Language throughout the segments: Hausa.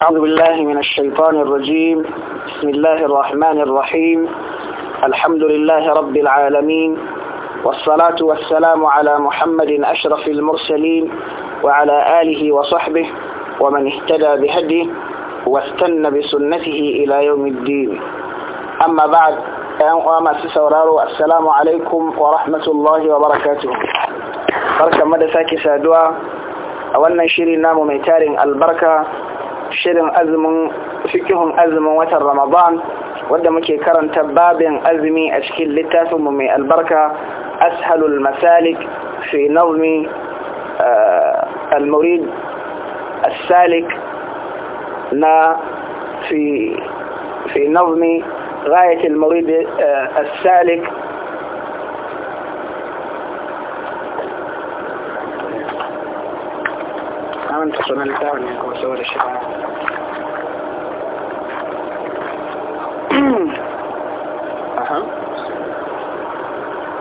أعوذ بالله من الشيطان الرجيم بسم الله الرحمن الرحيم الحمد لله رب العالمين والصلاة والسلام على محمد أشرف المرسلين وعلى آله وصحبه ومن اهتدى بهديه واستنى بسنته إلى يوم الدين أما بعد أما السلام عليكم ورحمة الله وبركاته بركة مدى ساكي سادوا أولا شيري نامو ميتارين البركة shirin azumin fikihun azumin watan ramadan wadda muke karanta babin azumi a cikin littafinmu mai albarka ashalul masalik fi nazmi al-murid السالك na في في نظم غاية المريد السالك personalizado en el Consejo de Shema.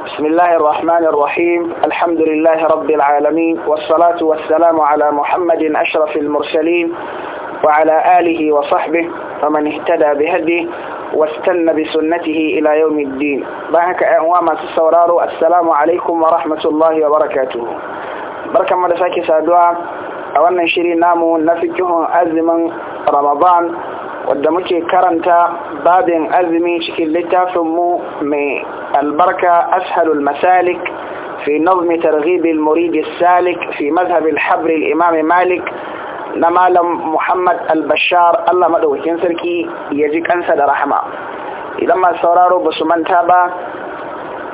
بسم الله الرحمن الرحيم الحمد لله رب العالمين والصلاة والسلام على محمد أشرف المرسلين وعلى آله وصحبه ومن اهتدى بهدي واستنى بسنته إلى يوم الدين باهك أعواما السورار السلام عليكم ورحمة الله وبركاته بركة مدساك سادوا a wannan shiri namu na fikihun azumin ramadan wadda muke karanta babin azumi cikin littafinmu mai albarka ashalul masalik fi nazmi targhibil muridi salik fi mazhabil habri imam malik na malam muhammad al-bashar Allah madaukakin sarki ya ji kansa da rahama idan masu sauraro ba su manta ba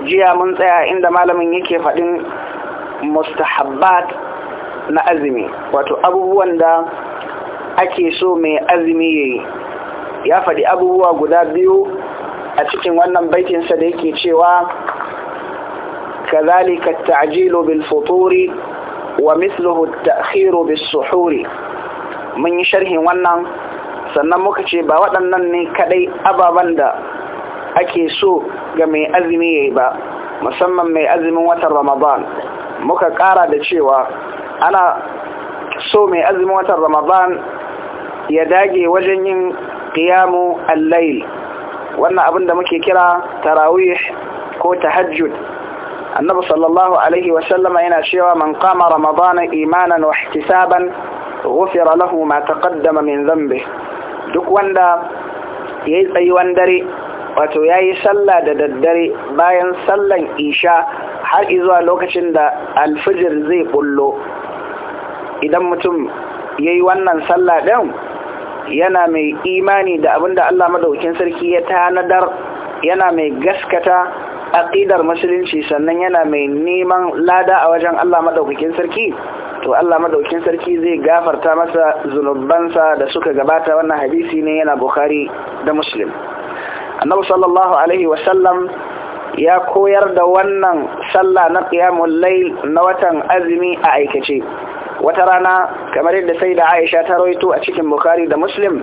jiya mun tsaya inda malamin yake faɗin mustahabbat na azumi wato abubuwan da ake so mai azumi ya yi, ya faɗi abubuwa guda biyu a cikin wannan baitinsa da yake cewa kazalika ta'jilu bil futuri wa misluhu ta'khiru bis suhuri mun yi sharhin wannan sannan muka ce ba waɗannan ne kaɗai ababen da ake so ga mai azumi ya yi ba musamman mai azumin watan Ramadan muka ƙara da cewa ana so mai azumin watan ramadan ya dage wajen yin qiyamu al-layl wannan abin da muke kira tarawih ko tahajjud annabi sallallahu alaihi sallama yana cewa man qama ramadana imanan wa ihtisaban ghufira lahu ma taqaddama min dhanbi duk wanda yayi tsayuwan dare wato yayi sallah da daddare bayan sallan isha har zuwa lokacin da alfijir zai bullo idan mutum ya yi wannan sallah ɗin yana mai imani da abinda Allah madaukin sarki ya tanadar yana mai gaskata aƙidar musulunci sannan yana mai neman lada a wajen Allah madaukin sarki to Allah madaukin sarki zai gafarta masa zunubansa da suka gabata wannan hadisi ne yana Bukhari da musulun Annabi sallallahu alaihi wasallam ya koyar da wannan sallah na ƙiyamun lai na watan azumi a aikace wata rana kamar yadda sai da aisha ta rawaito a cikin bukari da muslim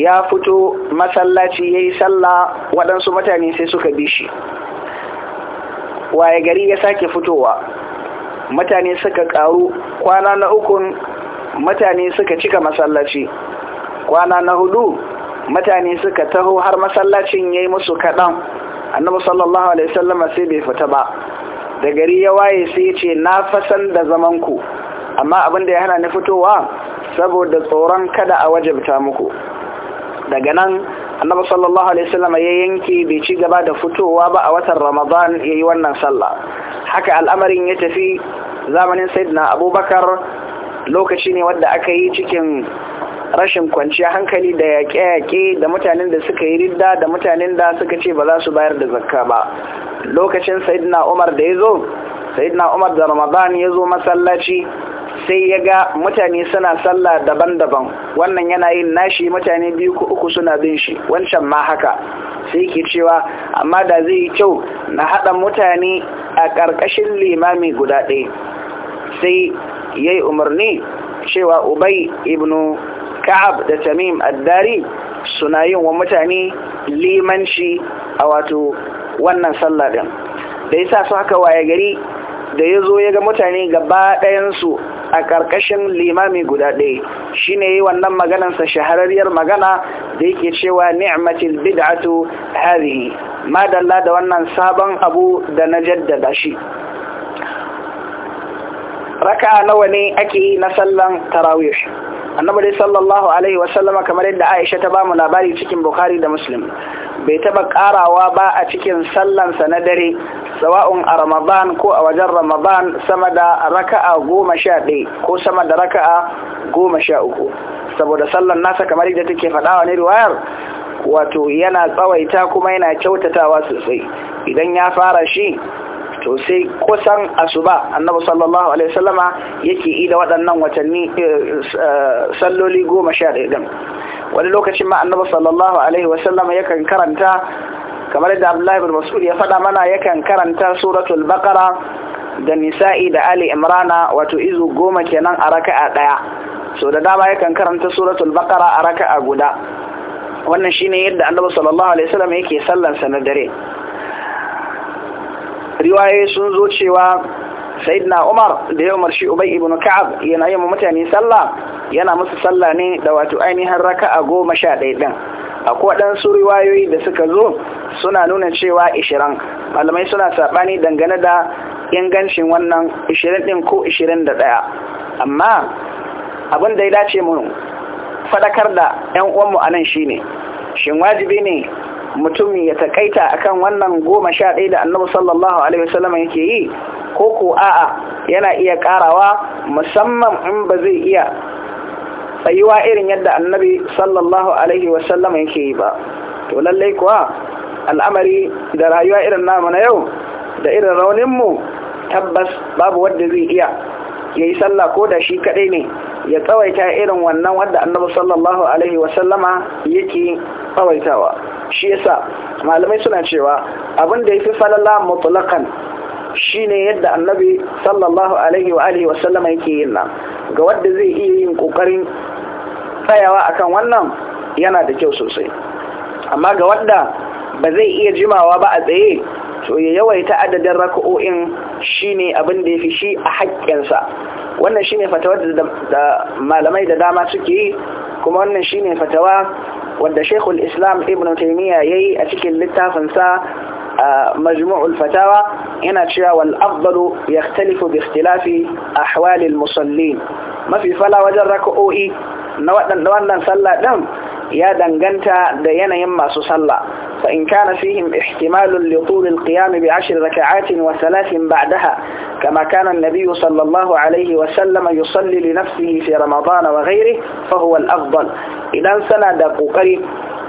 ya fito masallaci ya yi sallah waɗansu mutane sai suka bi shi waye gari ya sake fitowa mutane suka ƙaru kwana na ukun mutane suka cika masallaci kwana na hudu mutane suka taho har masallacin ya yi musu kaɗan annabi sallallahu alaihi sallama sai bai fita ba da gari ya waye sai ce na fasan da zamanku amma abin da ya hana ni fitowa saboda tsoron kada a wajabta muku daga nan annabi sallallahu alaihi wasallam ya yanke bai ci gaba da fitowa ba a watan ramadan yayi wannan sallah haka al'amarin ya tafi zamanin sayyidina abubakar lokaci ne wadda aka yi cikin rashin kwanciya hankali da yaƙe-yaƙe da mutanen da suka yi ridda da mutanen da suka ce ba za su bayar da zakka ba lokacin sayyidina umar da ya zo sayyidina umar da ramadan ya zo masallaci sai ya ga mutane suna sallah daban-daban wannan yana yin nashi mutane biyu ko uku suna bin shi wancan ma haka sai ke cewa amma da zai yi kyau na haɗa mutane a ƙarƙashin limami guda ɗaya sai ya yi umarni cewa ubai ibnu ka'ab da tamim addari suna yin wa mutane limanci a wato wannan sallah ɗin da ya sa su haka waye gari da ya zo ya ga mutane gaba ɗayansu a ƙarƙashin limami guda ɗaya shi ne wannan maganansa shahararriyar magana da yake cewa ni'matil bid'atu hadhihi madalla da wannan sabon abu da na jaddada shi Raka nawa ne ake yi na sallan tarawih annabi dai sallallahu alaihi wasallama kamar yadda Aisha ta bamu labari cikin Bukhari da Muslim bai taba karawa ba a cikin sallansa na dare sawa'un a ramadan ko a wajen ramadan sama da raka'a goma sha ɗaya ko sama da raka'a goma sha uku saboda sallan nasa kamar yadda take faɗawa ne riwayar wato yana tsawaita kuma yana kyautatawa sosai idan ya fara shi to sai kusan asuba annabi sallallahu alaihi wasallama yake da waɗannan watanni eh, eh, salloli goma sha ɗaya ɗin wani lokacin ma annabi sallallahu alaihi wasallama yakan karanta kamar da Abdullahi bin Mas'ud ya faɗa mana yakan karanta suratul Baqara da Nisa'i da Ali Imrana wato izu goma kenan a raka'a ɗaya so da dama yakan karanta suratul Baqara a raka'a guda wannan shine yadda Annabi sallallahu alaihi wasallam yake sallan sa na riwaye sun zo cewa sayyidina Umar da ya umarshi Ubay ibn Ka'ab yana yi mutane sallah yana musu sallah ne da wato ainihin raka'a goma sha ɗaya ɗin akwai waɗansu riwayoyi da suka zo suna nuna cewa 20 malamai suna sabani dangane da ingancin wannan 20 din ko da 21 amma abin da ya dace mu fadakar da 'yan uwanmu a nan shine shin wajibi ne mutum ya takaita akan wannan goma sha ɗaya da annabi sallallahu alaihi wasallam yake yi ko ko a'a yana iya ƙarawa musamman in ba zai iya tsayuwa irin yadda annabi sallallahu alaihi wasallam yake yi ba to lallai kuwa al'amari da rayuwa irin namu na yau da irin rauninmu tabbas babu wadda zai iya ya yi sallah ko da shi kaɗai ne ya tsawaita irin wannan wadda annabi sallallahu alaihi wasallama yake tsawaitawa shi yasa malamai suna cewa abin da ya fi falala shi ne yadda annabi sallallahu alaihi wa alihi wasallama yake yin nan ga wadda zai iya yin kokarin tsayawa akan wannan yana da kyau sosai amma ga wadda ba zai iya jimawa ba a tsaye to ya yawaita adadin raka'o'in shine abin da yafi shi a haƙƙinsa wannan shine fatawa da malamai da dama suke yi kuma wannan shine fatawa wanda Sheikhul Islam Ibn Taymiyyah yayi a cikin littafinsa a cewa الفتاوى هنا تشيا والأفضل يختلف باختلاف أحوال المصلين ما Mafi fala وجرك raka'o'i na wannan sallah دم ya danganta da yanayin masu sallah fa in kana fihim ihtimalun li tul qiyam bi 10 raka'atin wa thalathin ba'daha kama kana an-nabiy sallallahu alayhi wa sallam yusalli li nafsihi fi ramadan wa ghayrihi fa huwa al-afdal idan sana da kokari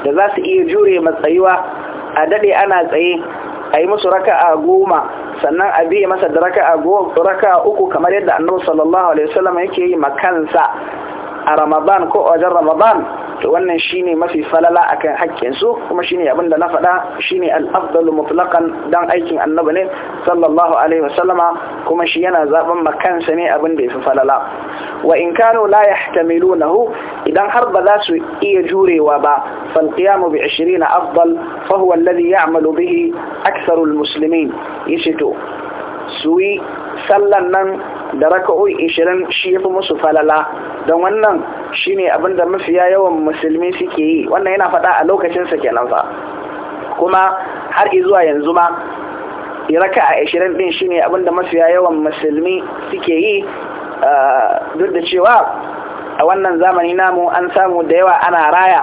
da za su iya jure matsayiwa a dade ana tsaye a yi musu raka'a goma sannan a biye masa da raka'a raka'a uku kamar yadda annabi sallallahu alaihi wasallam yake yi makansa a ramadan ko wajen ramadan to wannan shine mafi falala akan hakkin su kuma shine abin da na faɗa shine al-afdalu mutlaqan dan aikin annabi ne sallallahu alaihi wasallama kuma shi yana zaben makansa ne abin da yafi falala wa in kanu la yahtamilunahu idan har ba za su iya jurewa ba fal qiyamu bi 20 afdal fa huwa alladhi ya'malu bihi aksarul al-muslimin yace to suyi sallan nan da raka'o'i ishirin shi ya fi musu falala don wannan shine ne da mafiya yawan musulmi suke yi wannan yana faɗa a lokacinsa kenan fa kuma har zuwa yanzu ma raka a ashirin ɗin shine ne da mafiya yawan musulmi suke yi ah, duk da cewa a wannan zamani namu an samu da yawa ana raya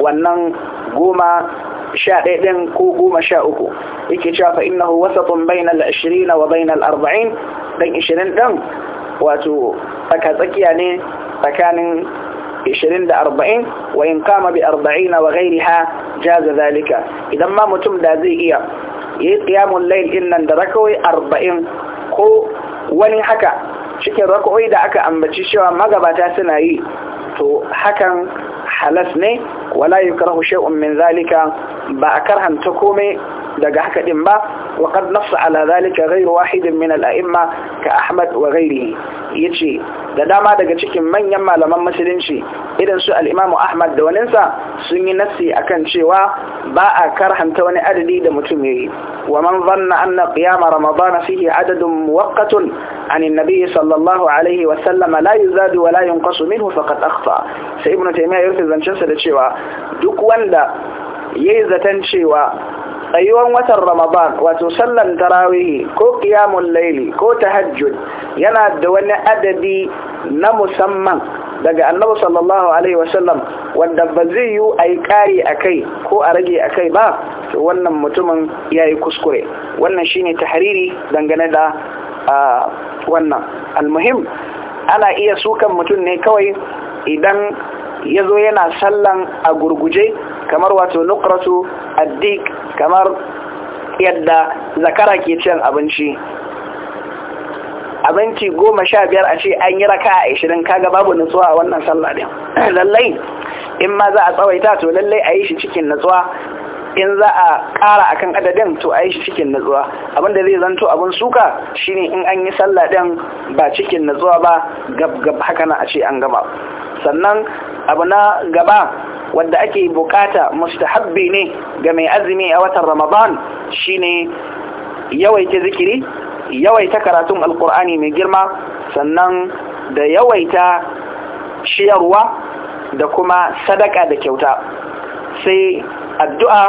wannan goma sha ɗaya ɗin ko goma sha uku yake cewa fa wasa tun bainal ashirin wa bainal arba'in dan ishirin ɗan wato tsaka tsakiya ne tsakanin ishirin da arba'in wa in kama bi arba'ina wa ha jaza zalika idan ma mutum da zai iya yayi qiyamul layl din nan da rakawai arba'in ko wani haka cikin rakawai da aka ambaci cewa magabata suna yi to hakan halas ne wala yukrahu shay'un min zalika ba a karhanta komai daga haka din ba wa qad nassa ala zalika ghayr wahid min al a'imma ka Ahmad wa ghayrihi yace da dama daga cikin manyan malaman musulunci irin su al Imam Ahmad da waninsa sun yi nasi akan cewa ba a karhanta wani adadi da mutum yayi wa man dhanna anna qiyam ramadan fihi adadun muwaqqatun an an-nabi sallallahu alaihi wa sallam la yuzadu wa la yunqasu minhu faqad akhta sai ibnu taymiya yarfi zancensa da cewa duk wanda yayi zatan cewa tsayuwan watan ramadan wato sallan tarawihi ko kiyamun laili ko ta tahajjud yana da wani adadi na musamman daga annabu sallallahu alaihi wasallam wanda ba zai yi a yi ƙari a kai ko a rage a kai ba to wannan mutumin ya yi kuskure wannan shine tahariri dangane da wannan almuhim ana iya sukan mutum ne kawai idan ya zo yana sallan a gurguje kamar wato nukratu addik kamar yadda zakara ke cin abinci abinci goma sha biyar a ce an yi raka a ishirin kaga babu nutsuwa a wannan sallah lallai in ma za a tsawaita to lallai a yi shi cikin nutsuwa in za a ƙara akan adadin to a yi shi cikin nutsuwa abinda zai zanto abin suka shine in an yi sallah ɗin ba cikin nutsuwa ba gab gab haka na a ce an gaba sannan abu na gaba wanda ake bukata mustahabbi ne ga mai azumi a watan ramadan shine yawaita zikiri yawaita karatun alkur'ani mai girma sannan da yawaita shiyarwa, da kuma sadaka da kyauta sai addu'a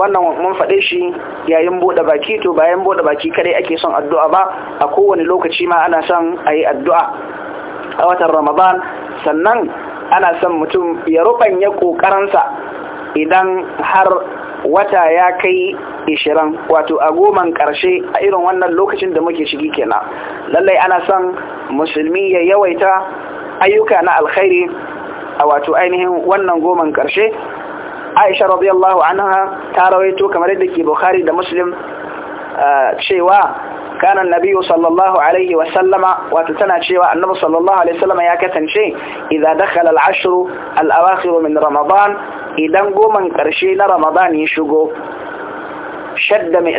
wannan mun faɗe shi yayin buɗe baki to bayan buɗe baki kadai ake son addu'a ba a kowane lokaci ma ana son a yi addu'a a watan ramadan sannan ana son mutum ya rubanya ƙoƙaransa idan har wata ya kai ishirin wato a goman ƙarshe a irin wannan lokacin da muke shigi kenan lallai ana son musulmi ya yawaita ayyuka na alkhairi a wato ainihin wannan goman karshe aisha radiyallahu anha ta rawaito kamar yadda ke bukhari da muslim eh, cewa kana annabi sallallahu alaihi Wasallama. wato tana cewa annabi sallallahu alaihi Wasallama ya kasance idza dakhala al-ashr al-awakhir min ramadan idan goman karshe na ramadan ya shigo shadda mai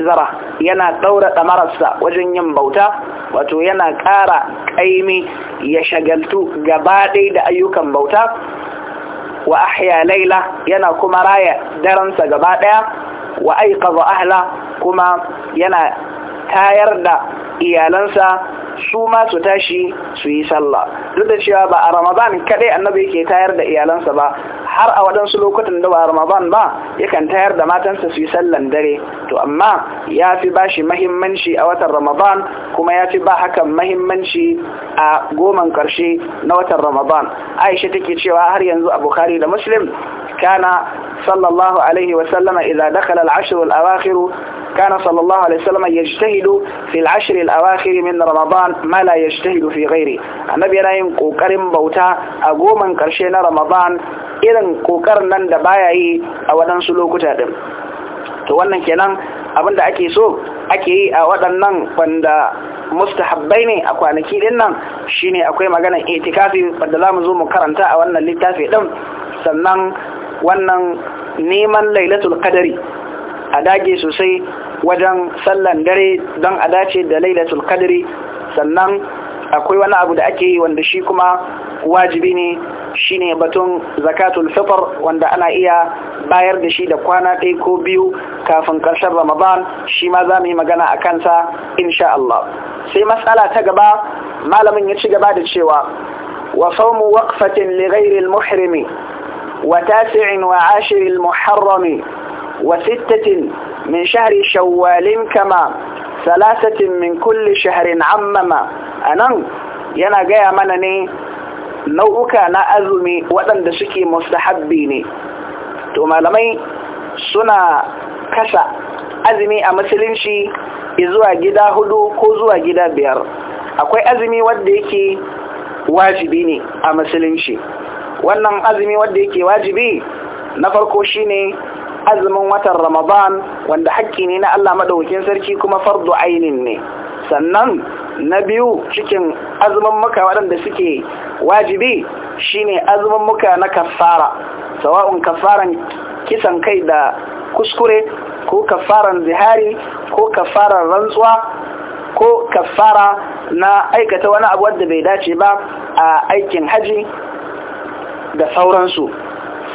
yana daura damararsa wajen yin bauta wato yana ƙara kaimi ya shagaltu gaba da ayyukan bauta wa ahya laila yana kuma raya daransa gaba ɗaya wa aiqadha ahla kuma yana tayar da iyalansa su ma su tashi su yi sallah duk da cewa ba a ramadan kadai annabi yake tayar da iyalansa ba har a waɗansu lokutan da ba a ramadan ba yakan tayar da matansa su yi sallan dare to amma ya fi ba shi mahimmanci a watan ramadan kuma ya fi ba hakan mahimmanci a goman karshe na watan ramadan aisha take cewa har yanzu a da muslim kana sallallahu alaihi wasallama idan dakala al-ashr al-awakhir كان صلى الله عليه وسلم يجتهد في العشر الأواخر من رمضان ما لا يجتهد في غيره النبي نايم قوكر بوتا أقوما كرشينا رمضان إذن yi دبايعي أو ننسلوك تادم to wannan kenan abinda ake so ake yi a waɗannan wanda mustahabbai ne a kwanaki din nan shine akwai maganar itikafi wanda zamu zo mu karanta a wannan littafi ɗin? sannan wannan neman lailatul qadari a dage sosai wajen sallan dare don a dace da lailatul kadiri sannan akwai wani abu da ake yi wanda shi kuma wajibi ne shine batun zakatul fitr wanda ana iya bayar da shi da kwana ɗaya ko biyu kafin ƙarshen ramadan shi ma za mu yi magana a kansa insha Allah sai matsala ta gaba malamin ya ci gaba da cewa wa saumu waqfatin li ghayri al-muhrimi wa tasi'in wa ashiri muharrami wa sittatin من شهر شوال كما ثلاثة من كل شهر عمما yana gaya mana ne nau'uka na azumi waɗanda suke mustahabbi ne to malamai suna kasa azumi a musulunci zuwa gida hudu ko zuwa gida biyar akwai azumi wanda yake wajibi ne a musulunci wannan azumi wanda yake wajibi na farko shine azumin watan ramadan wanda haƙƙi ne na Allah maɗaukin sarki kuma fardu ainin ne sannan na biyu cikin azumin muka waɗanda suke wajibi shine azumin muka na kafara sawa'un kafaran kisan kai da kuskure ko kafaran zihari ko kafaran rantsuwa ko kafara na aikata wani abu wanda bai dace ba a aikin haji da sauransu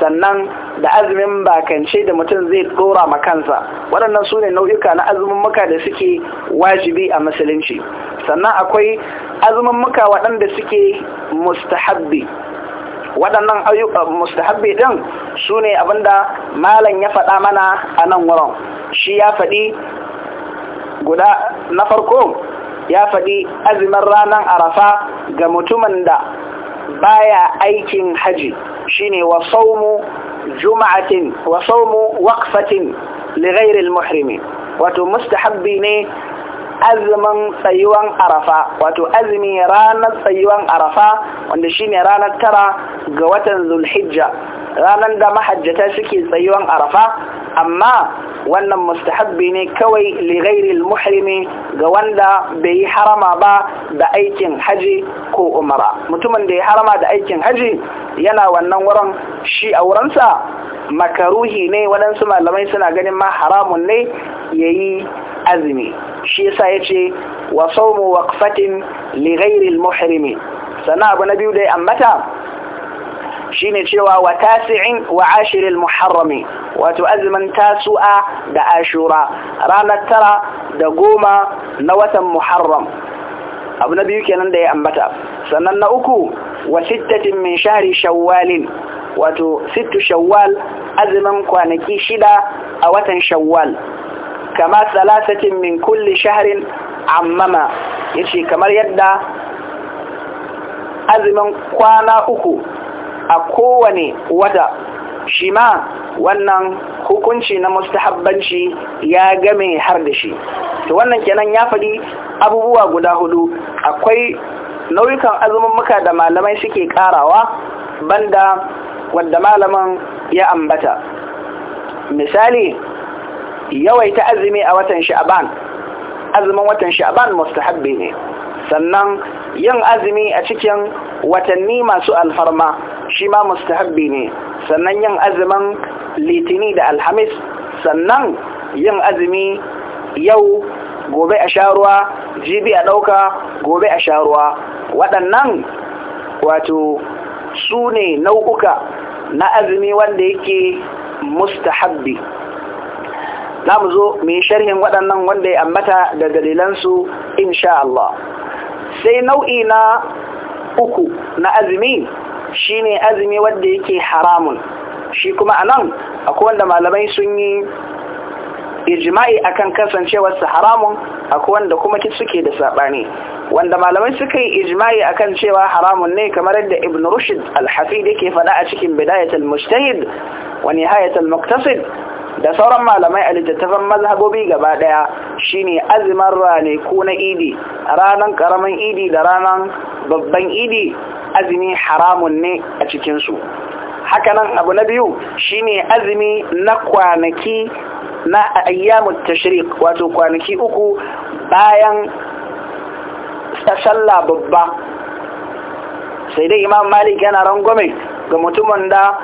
sannan da azumin bakance da mutum zai dora ma kansa waɗannan su ne nau'uka na azumin muka da suke wajibi a musulunci sannan akwai azumin muka waɗanda suke mustahabbi waɗannan eh, mustahabbi ɗin su ne abinda malam ya faɗa mana a nan wurin shi ya faɗi guda na farko ya faɗi azumin ranar arafa ga mutumin da baya aikin haji shine wa saumu ج م وصوم و ق ف ة لغير المحرم وتمستحبين ازما سيوا عرفا وتؤذني رانا سيوا عرفا وندشيني رانا ترى قوه ذو الحجة ranar da mahajjata suke tsayuwan arafa amma wannan mustahabbi ne kawai lirairil muhrimi ga wanda bai yi harama ba da aikin haji ko umara mutumin da ya harama da aikin haji yana wannan wurin shi a wurinsa makaruhi ne waɗansu malamai suna ganin ma haramun ne ya yi azumi shi yasa ce wa sawmu waqfatin li muhrimi sana abu na biyu da ya ambata shine cewa wa tasi'in wa ashiril muharrami wato azumin tasu'a da ashura ranar tara da goma na watan muharram abu na biyu kenan da ya ambata sannan na uku wa sittatin min shahri shawwalin wato sittu shawwal azumin kwanaki shida a watan shawwal kama salasatin min kulli shahrin ammama yace kamar yadda azumin kwana uku a kowane wata shi ma wannan hukunci na mustahabbanci ya game har da shi to wannan kenan ya faɗi abubuwa guda hudu akwai nau'ikan azumummuka da malamai suke karawa banda wadda malaman ya ambata misali yawaita azumi a watan sha'ban azumin watan sha'ban mustahabbi ne sannan yin azumi a cikin watanni masu alfarma shi ma mustahabbi ne sannan yin azumin litini da alhamis sannan yin azumi yau gobe a sharuwa jibi a ɗauka gobe a sharuwa waɗannan wato su ne nau'uka na azumi wanda yake mustahabbi za mu zo mai sharhin waɗannan wanda ya ambata da dalilansu insha Allah sai nau'i na uku na azumi Shi ne azumi wadda yake haramun shi kuma anan akwai wanda malamai sun yi ijma'i akan kasancewarsa haramun akwai wanda kuma ki suke da saɓani wanda malamai suka yi ijima'i akan cewa haramun ne kamar yadda ibn rushid al yake faɗa a cikin bidayatul mustahid wa nihayatul da sauran malamai a littattafan mazhabobi gaba daya shine azumin rane na idi ranan karamin idi da ranan babban idi azumi haramun ne a cikinsu hakanan abu na biyu shi ne azumi na kwanaki na ayyamun tashrik wato kwanaki uku bayan sallah babba sai dai imam malik yana rangwame ga mutumin da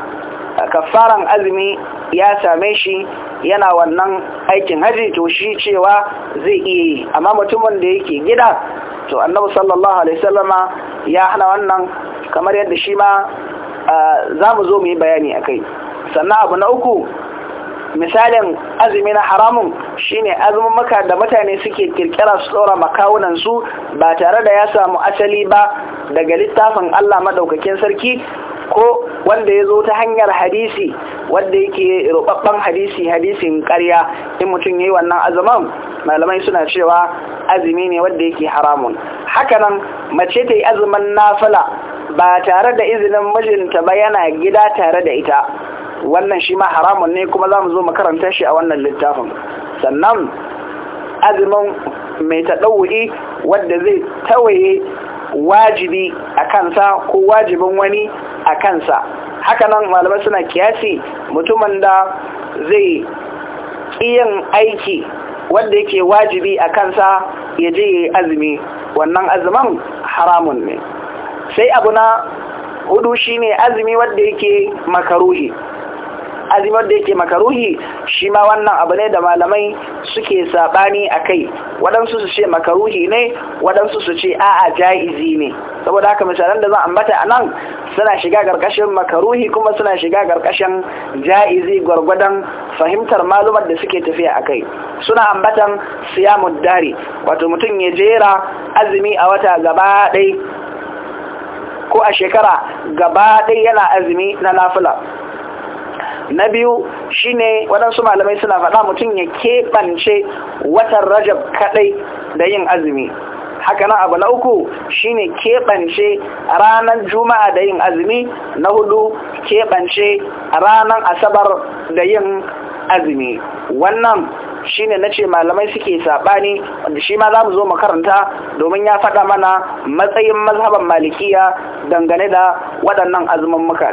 kafaran azumi ya same shi yana wannan aikin haji to shi cewa zai iya yi amma mutumin da yake gida to annabi sallallahu alaihi sallama ya hana wannan kamar yadda shi ma za mu zo mu yi bayani a kai sannan abu na uku misalin azumi na haramun shine azumin maka da mutane suke kirkira su tsora makawunansu ba tare da ya samu asali ba daga littafin Allah maɗaukakin sarki ko wanda ya zo ta hanyar hadisi wanda yake roɓaɓɓen hadisi hadisin ƙarya. in mutum ya yi wannan azumin malamai suna cewa azumi ne wanda yake haramun hakanan mace ta yi azumin nafila ba tare da izinin mijinta ba yana gida tare da ita wannan shi ma haramun ne kuma za mu zo makaranta shi a wannan littafin sannan azumin mai taɗauri wadda zai tawaye wajibi a kansa ko wajibin wani a kansa hakanan malamai suna kiyasi mutumin da zai ƙiyan aiki wanda yake wajibi a kansa ya je azumi wannan azumin haramun ne sai abu na hudu shine azumi wadda yake makaruhi azumi wanda yake makaruhi shi ma wannan abu ne da malamai suke sabani a kai waɗansu su ce makaruhi ne waɗansu su ce a'a ja'izi ne saboda haka misalan da za ambata a nan suna shiga ƙarƙashin makaruhi kuma suna shiga ƙarƙashin ja'izi gwargwadon fahimtar malumar da suke tafiya a kai suna ambatan siyamun dari wato mutum ya jera azumi a wata gaba ɗai ko a shekara gaba ɗai yana azumi na nafila na biyu shine waɗansu malamai suna faɗa mutum ya keɓance watan rajab kaɗai da yin azumi Haka hakanan abu na uku shine keɓance ranar juma'a da yin azumi na hudu keɓance ranar asabar da yin azumi wannan shine ce malamai suke saɓani, wanda shi ma za mu zo makaranta domin ya faɗa mana matsayin mazhaban malikiya dangane da waɗannan azumin muka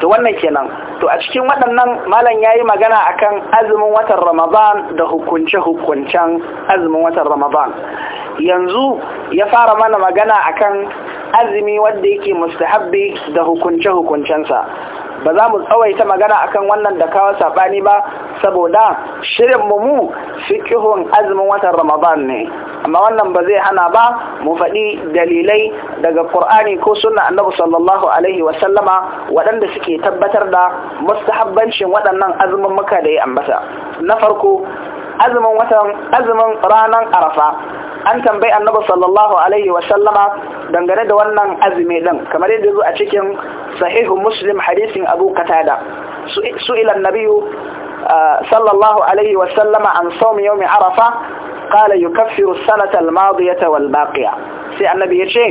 to wannan kenan to a cikin waɗannan malam ya yi magana akan azumin watan Ramadan da hukunce hukuncen azumin watan Ramadan yanzu ya fara mana magana akan azumi wanda yake mustahabbi da hukunce hukuncensa ba za mu tsawaita magana akan wannan da kawo saɓani ba saboda shirin mu mu fiqhun azumin watan Ramadan ne amma wannan ba zai hana ba mu faɗi dalilai daga Qur'ani ko sunna Annabi sallallahu alaihi wa sallama waɗanda suke tabbatar da mustahabbancin waɗannan azumin muka da yi ambata na farko azumin watan azumin ranar Arafa an tambayi Annabi sallallahu alaihi wa sallama dangane da wannan azumi din kamar yadda zo a cikin sahihu muslim hadisin abu katada su'ila nabiyu uh, sallallahu alaihi wasallama an saumi yau mai arafa kala yi kafiru sanatar madiyata walbaƙiya sai annabi ya ce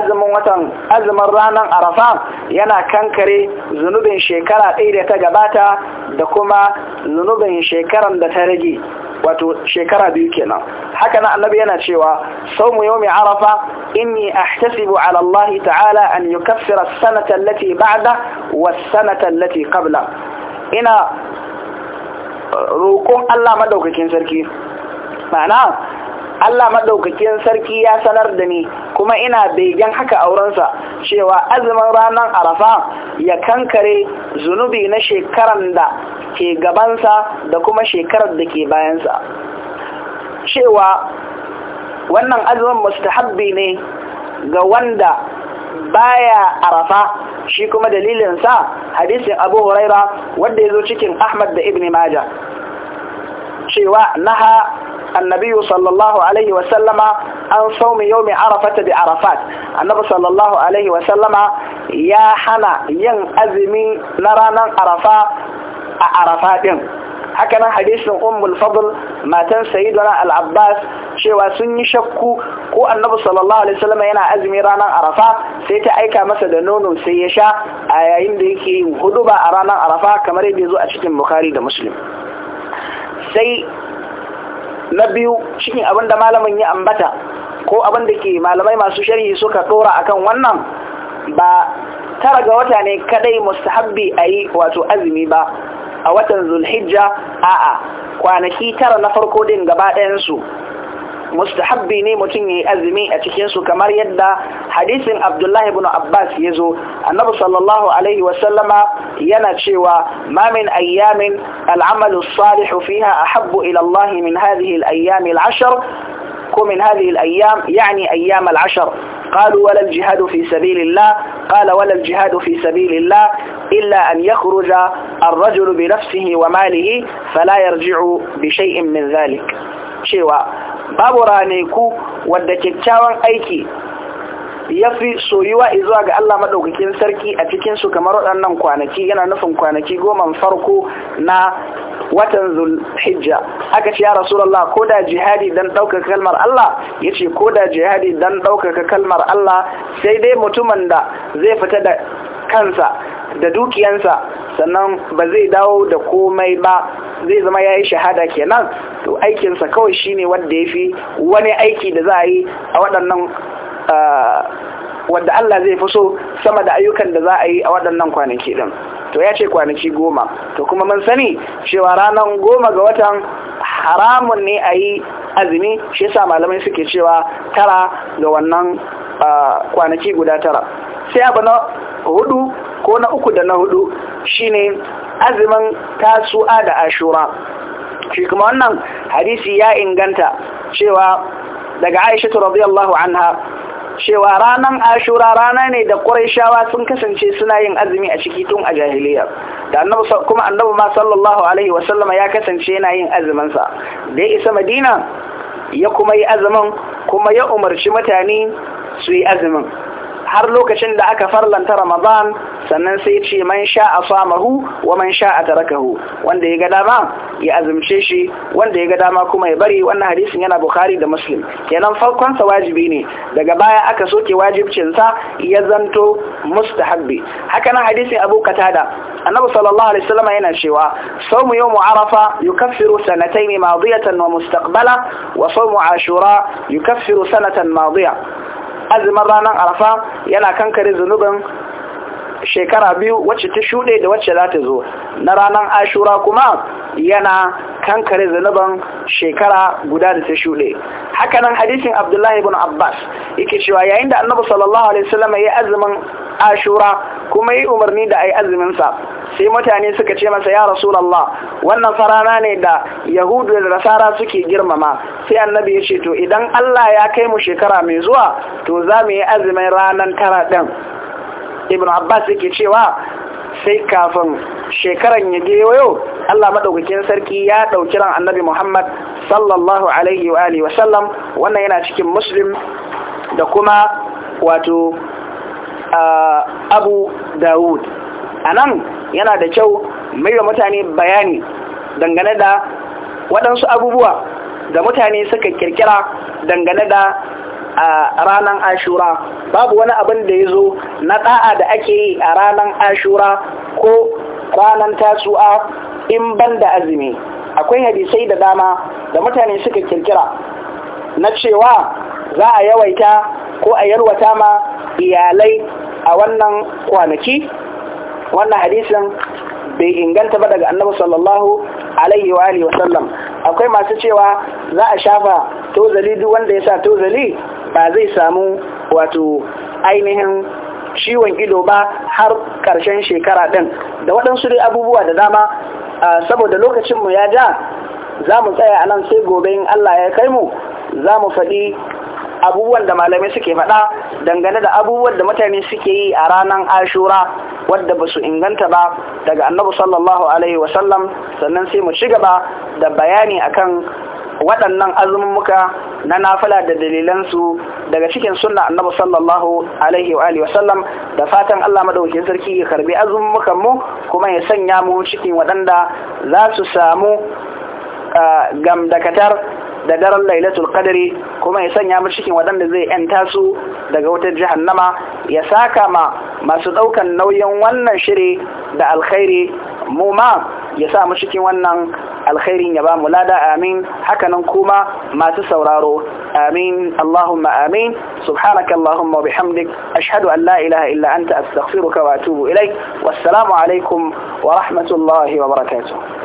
azumin watan azumin ranar arafa yana kankare zunubin shekara ɗaya da ta gabata da kuma zunubin shekarar da ta rage wato shekara biyu kenan haka nan annabi yana cewa sawmu yawmi arafa inni ahtasibu ala Allah ta'ala an yukaffira as-sanata allati ba'da was-sanata allati qabla ina roƙon Allah madaukakin sarki ma'ana Allah madaukakin sarki ya sanar da ni kuma ina begen haka aurensa cewa azumin ranar arafa ya kankare zunubi na shekaran da ke gabansa da kuma shekarar da ke bayansa cewa wannan azumin mustahabbi ne ga wanda baya arafa shi kuma dalilinsa hadisin abu huraira wanda ya cikin ahmad da ibn maja cewa naha annabiyu sallallahu alaihi wasallama an saumi mai arafata da arafat annabi sallallahu alaihi wasallama ya hana yin azumi na ranar arafa a arafa din haka nan hadisin ummul fadl matan sayyidina al-abbas cewa sun yi shakku ko annabi sallallahu alaihi wasallam yana azumi ranar arafa sai ta aika masa da nono sai ya sha a yayin da yake yin huduba a ranar arafa kamar yadda zo a cikin bukhari da muslim sai na biyu abin abinda malamin ya ambata ko abinda ke malamai masu sharhi suka dora akan wannan ba tara ga wata ne kadai mustahabbi ayi wato azumi ba a watan zulhijja a'a kwanaki tara na farko din gaba ɗayansu mustahabbi ne mutum ya yi azumi a cikinsu kamar yadda hadisin abdullahi ibn abbas ya zo annabi sallallahu alaihi wasallama yana cewa ma min ayyamin al'amalu salihu fiha ahabbu ila Allah min hadhihi al-ayyam al-ashr ko min hadhihi al-ayyam yani ayyam al-ashr walal ولا الجهاد في قال ولا الجهاد في سبيل الله إلا أن يخرج الرجل بنفسه وماله فلا يرجع بشيء من ذلك cewa babu ranaku wadda kyakkyawan aiki ya fi soyuwa izuwa ga Allah maɗaukakin sarki a cikinsu kamar waɗannan kwanaki yana nufin kwanaki goma farko na watan zulhijja aka ce ya rasulullah ko da jihadi dan ɗaukaka kalmar Allah yace ko da jihadi dan ɗaukaka kalmar Allah sai dai mutumin da zai fita da kansa da dukiyansa sannan ba zai dawo da komai ba zai zama ya yi shahada kenan to aikinsa kawai shine wanda ya fi wani aiki da za a yi a waɗannan ah, wadda Allah zai fi so sama da ayyukan da za a yi a waɗannan kwanaki ɗin. to ya ce kwanaki goma to kuma mun sani cewa ranar goma ga watan haramun ne a yi azumi shi sa malamai suke cewa tara ga wannan kwanaki guda tara sai abu na hudu ko na uku da na hudu shine azumin tasu'a da ashura shi kuma wannan hadisi ya inganta cewa daga aisha radiyallahu anha cewa ranan ashura rana ne da shawa sun kasance suna yin azumi a ciki tun a jahiliya da kuma annabi ma sallallahu alaihi wasallama ya kasance yana yin azuminsa da ya isa madina ya kuma yi azumin kuma ya umarci mutane su yi azumin har lokacin da aka farlanta Ramadan sannan sai ce man a samahu wa man a tarakahu wanda ya ga dama ya azumce shi wanda ya ga dama kuma ya bari wannan hadisin yana Bukhari da Muslim kenan farkon sa wajibi ne daga baya aka soke wajibcin sa ya zanto mustahabbi haka nan hadisin Abu Qatada Annabi sallallahu alaihi wasallam yana cewa sawmu yawm Arafa yukaffiru sanatayn madiyatan wa mustaqbala wa sawmu Ashura yukaffiru sanatan madiya azumin ranar arafa yana kankare zunubin shekara biyu wacce ta shuɗe da wacce za ta zo na ranar ashura kuma yana kankare zunubin shekara guda da ta shuɗe hakanan hadisin abdullahi ibn abbas yake cewa yayin da annabi sallallahu alaihi wasallam ya azumin ashura kuma yi umarni da a yi azuminsa sai mutane suka ce masa ya rasulallah wannan farana ne da yahudu da nasara suke girmama sai annabi ya ce to idan allah ya kai mu shekara mai zuwa to za mu yi azumin ranar tara ɗin ibn abbas yake cewa sai kafin shekaran ya yau. Allah maɗaukakin sarki ya ɗauki ran annabi Muhammad sallallahu alaihi wa alihi wasallam wannan yana cikin muslim da kuma wato abu dawud a nan yana da kyau mai da mutane bayani dangane da waɗansu abubuwa da mutane suka kirkira dangane da a ranar ashura babu wani abin da ya zo na ɗa'a da ake yi a ranar ashura ko ranar tasu'a in ban da azumi akwai hadisai da dama da mutane suka kirkira na cewa za a yawaita ko a yarwata ma iyalai a wannan kwanaki wannan hadisin bai inganta ba daga annabi sallallahu alaihi wa alihi wasallam akwai masu cewa za a shafa tozali duk wanda ya sa tozali ba zai samu wato ainihin ciwon ido ba har karshen shekara ɗin. da waɗansu dai abubuwa da dama saboda lokacinmu ya ja za mu tsaya a nan sai gobe in Allah ya kai mu za mu faɗi abubuwan da malamai suke faɗa dangane da abubuwan da mutane suke yi a ranar ashura wadda ba su inganta ba daga annabi sallallahu alaihi wasallam sannan sai mu ci gaba da bayani akan waɗannan azumumuka na nafila da dalilansu daga cikin sunna annabi sallallahu alaihi wa wasallam da fatan Allah madaukakin sarki ya karbi azumin mu kuma ya sanya mu cikin waɗanda za su samu ah, gamdakatar da daren lailatul qadari kuma ya sanya mu cikin wadanda zai yanta su daga wata jahannama ya saka ma masu daukan nauyin wannan shiri da alkhairi mu ma ya sa mu cikin wannan alkhairin ya ba mu lada amin haka nan kuma masu sauraro amin Allahumma amin subhanaka Allahumma wa bihamdik ashhadu an la ilaha illa anta astaghfiruka wa atubu ilaik wassalamu alaikum wa rahmatullahi wa barakatuh